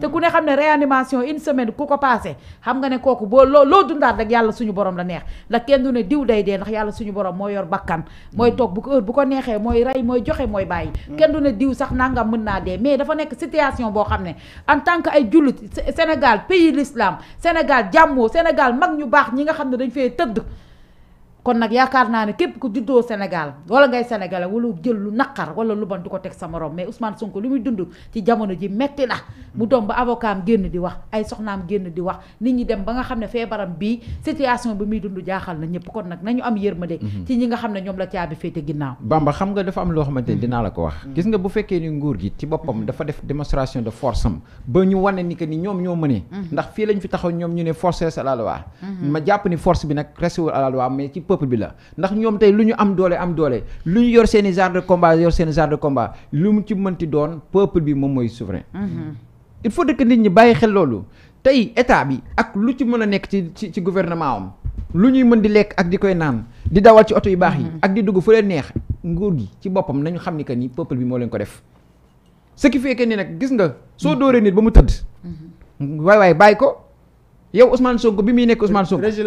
te ku ne xam ne réanimation une semaine ku ko passé xam nga ne kooku boo loo loo dundaat rek yàlla suñu borom la neex ndax kenn du ne diw day dee ndax yàlla suñu borom moo yor bakkan mooy toog bu ko heure bu ko neexee mooy rey mooy joxe mooy bàyyi mm. kenn du ne diw sax nangam mën naa dee mais dafa nekk situation boo xam ne en tant que ay jullit Sénégal pays lislaam Sénégal jàmmoo Sénégal mag ñu baax ñi nga xam ne dañ fee tëdd kon nag yaakaar naa ne képp ku juddoo Sénégal wala ngay sénégalais wala jël lu naqar wala lu bon di ko teg sa morom mais Ousmane Sonko li muy dund ci jamono ji metti na mu mm. doom ba avocat génn di wax ay soxnaam génn di wax nit ñi dem ba nga xam ne feebaram bii situation bi muy dund jaaxal na ñëpp kon nag nañu am yërmande mm-hmm. ci ñi nga xam ne ñoom la caabi féete ginnaaw Bamba xam nga dafa am loo xamante ne mm. dinaa la ko wax mm. gis nga bu fekkee ni nguur gi ci boppam dafa def démonstration de force am ni que ni ñoo mënee ndax fii lañ fi taxaw ñu ne force mm-hmm. à peuple bi la ndax ñoom tey lu ñu am doole am doole lu ñu yor seen i genre de combat yor seen i genre de combat lu mu ci mënti doon peuple bi moom mooy souverain. Mhm. il faut que nit ñi bàyyi xel loolu tey état bi ak lu ci mën a nekk ci ci ci gouvernement am lu ñuy mën di lekk ak di koy naan di dawal ci oto yu baax yi. Mhm. ak di dugg fu leen neex nguur gi ci boppam nañu xam ni que ni peuple bi moo leen ko def. ce qui fait que nag gis nga soo mhm. dóoree nit ba mu tëdd. waay waay bàyyi ko yow Ousmane Sonko bi muy nekk Ousmane Sonko. régi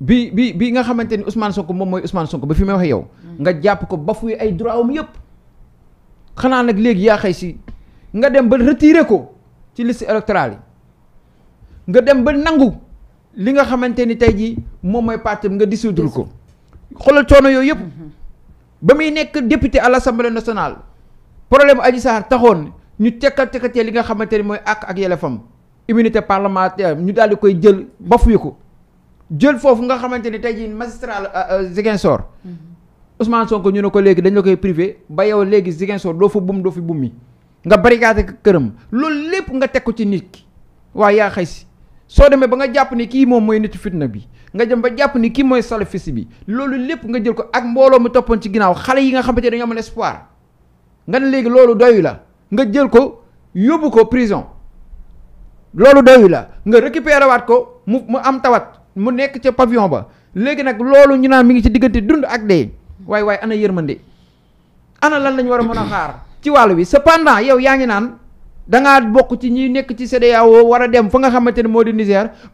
bi bi bi nga xamante ni Ousmane Sonko moom mooy Ousmane Sonko ba fi may waxee yow. Mm. nga jàpp ko ba fuy ay droit am yëpp. xanaa nag léegi yaa xëy si nga dem ba retiré ko ci liste électorale yi nga dem ba nangu li nga xamante ni tey jii moom mooy parti nga dissoudre ko. xoolal coono yooyu yëpp. Mm-hmm. ba muy nekk député à l' assemblée nationale. problème Adji Sarr taxoon ñu tekkal tekkatee li nga xamante ni mooy àq ak yelefam immunité parlementaire ñu daal di koy jël ba fuy ko. jël foofu nga xamante ni tey jii magistral euh, euh, Ziguinchor mhm. Ousmane Sonko ñu ne ko léegi dañu la koy privé ba yow léegi Ziguinchor doo fa bum doo fi mi nga barricade këram loolu lépp nga teg ko ci nit ki waaye yaa xëy si soo demee ba nga jàpp ni kii moom mooy nitu fitna bi nga jëm ba jàpp ni kii mooy salafiste bi loolu lépp nga jël ko ak mbooloo mu toppoon ci ginnaaw xale yi nga xamante ne dañoo amoon espoir nga ne léegi loolu doyu la nga jël ko yóbbu ko prison loolu doyu la nga récupéré ko mu mu am tawat. mu nekk ca pavillon ba léegi nag loolu ñu naan mi ngi ci diggante dund ak dee waaye waaye ana yërmande ana lan lañ war a mën a xaar ci wàll wi cependant yow yaa ngi naan danga bokk ci ñuy nekk ci woo war a dem fa nga xamante ne moo di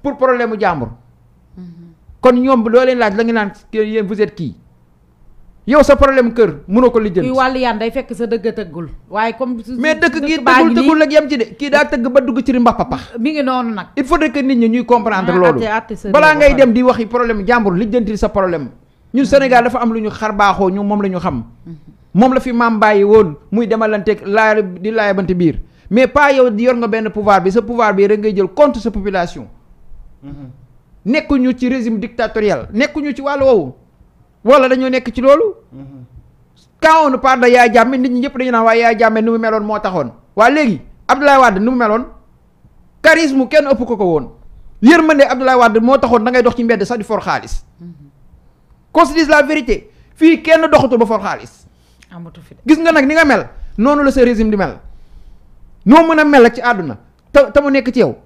pour problème mu jàmbur mm-hmm. kon ñoom loo leen laaj la ngi naan yéen vous êtes kii yow sa problème kër mënoo ko lijjanti. kuy wàll yaan day fekk sa dëgg tëggul. waaye comme mais dëkk gi tëggul tëggul ak yem de kii daa tëgg ba dugg ci rimba papa. mi ngi noonu nag. it faudrait que nit ñi ñuy comprendre loolu balaa ngay dem di waxi problème jàmbur lijjanti sa problème ñun Sénégal dafa am lu ñu xar baaxoo ñu moom la ñu xam mhm. moom la fi maam bàyyi woon muy demalante laay di laayabante biir mais pas yow di yor nga benn pouvoir bi sa pouvoir bi rek ngay jël contre sa population mhm. nekkuñu ci régime dictatorial nekkuñu ci wàllu woowu wala dañoo nekk ci loolu. quand mhm. on parle de Yaya Jammeh nit ñi ñëpp dañu naan waaye Yaya Jammeh ni mu meloon moo taxoon. waa léegi Abdoulaye Wade ni mu meloon charisme kenn ëpp ko ko woon ma yërmande Abdoulaye Wade moo taxoon da ngay dox ci mbedd sax di for xaalis. Mhm. qu'on la vérité fii kenn doxatul ba for xaalis. amatu fi gis nga nag ni nga mel noonu la sa régime di mel noo mën a mel ci àdduna te te mu nekk ci yow.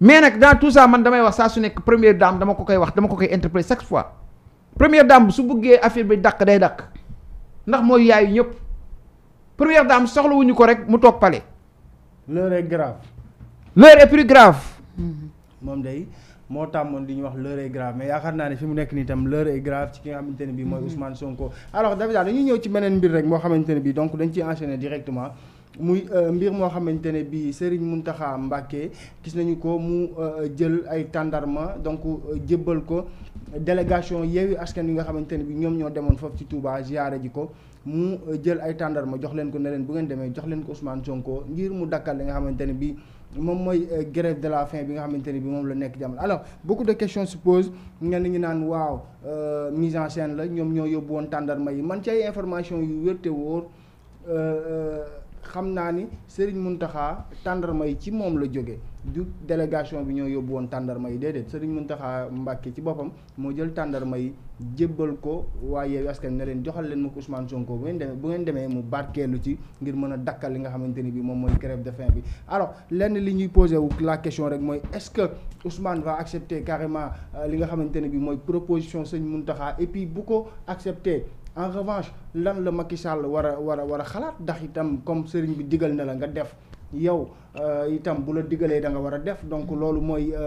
mais nag dans tout ça man damay wax saa su nekk première dame dama ko koy wax dama ko koy interpréter chaque fois. première dame su buggee affaire bi dàq day dàq ndax mooy yaayu ñëpp première dame soxlawuñu ko rek mu toog pale l'heure est grave. l'heure est plus grave. moom day moo tàmmoon li ñu wax l'heure est grave mais yaakaar naa ne fi mu nekk nii tam l'heure est grave ci ki nga xamante ne bii mooy Ousmane Sonko. alors David dañuy ñëw ci beneen mbir rek moo xamante ne bii donc dañ ci enchaîner directement. muy euh, mbir moo xamante ne bii Serigne Mountakha Mbacké gis nañu ko mu euh, jël ay tàndarma donc euh, jébbal ko. délégation Yewwi asken yi nga xamante ne bi ñoom ñoo demoon foofu ci Touba ziyaare ji ko mu euh, jël ay tàndarma jox leen ko ne leen bu ngeen demee jox leen ko Ousmane Sonko ngir mu dakkal li nga xamante ne bi moom mooy euh, grève de la fin bi nga xamante ne bi moom la nekk jamono alors beaucoup de questions se posent ñenn naan waaw euh, mise en scène la ñoom ñoo yóbbu woon tàndarma yi man ci ay information yu wérte wóor xam naa ni Serigne Mountakha tàndarma yi ci moom la jógee du délégation bi ñoo yóbbu woon tàndarma yi déedéet Sëriñ Muntaxa Mbàkke ci boppam moo jël tàndarma yi jébbal ko waa Yewwi Askan ne leen joxal leen ma ko Ousmane Sonko bu ngeen demee mu barkeelu ci ngir mën a dakkal li nga xamante ni bi moom mooy grève de faim bi alors lenn li ñuy posé wu la question rek mooy est-ce que Ousmane va accepter carrément euh, li nga xamante ne bi mooy proposition Sëriñ Muntaxa et puis bu ko accepter en revanche lan la Macky Sall war a war a war a xalaat ndax itam comme sëriñ bi digal na la nga def yow euh, itam bu la digalee da nga war a def donc loolu mooy. Euh,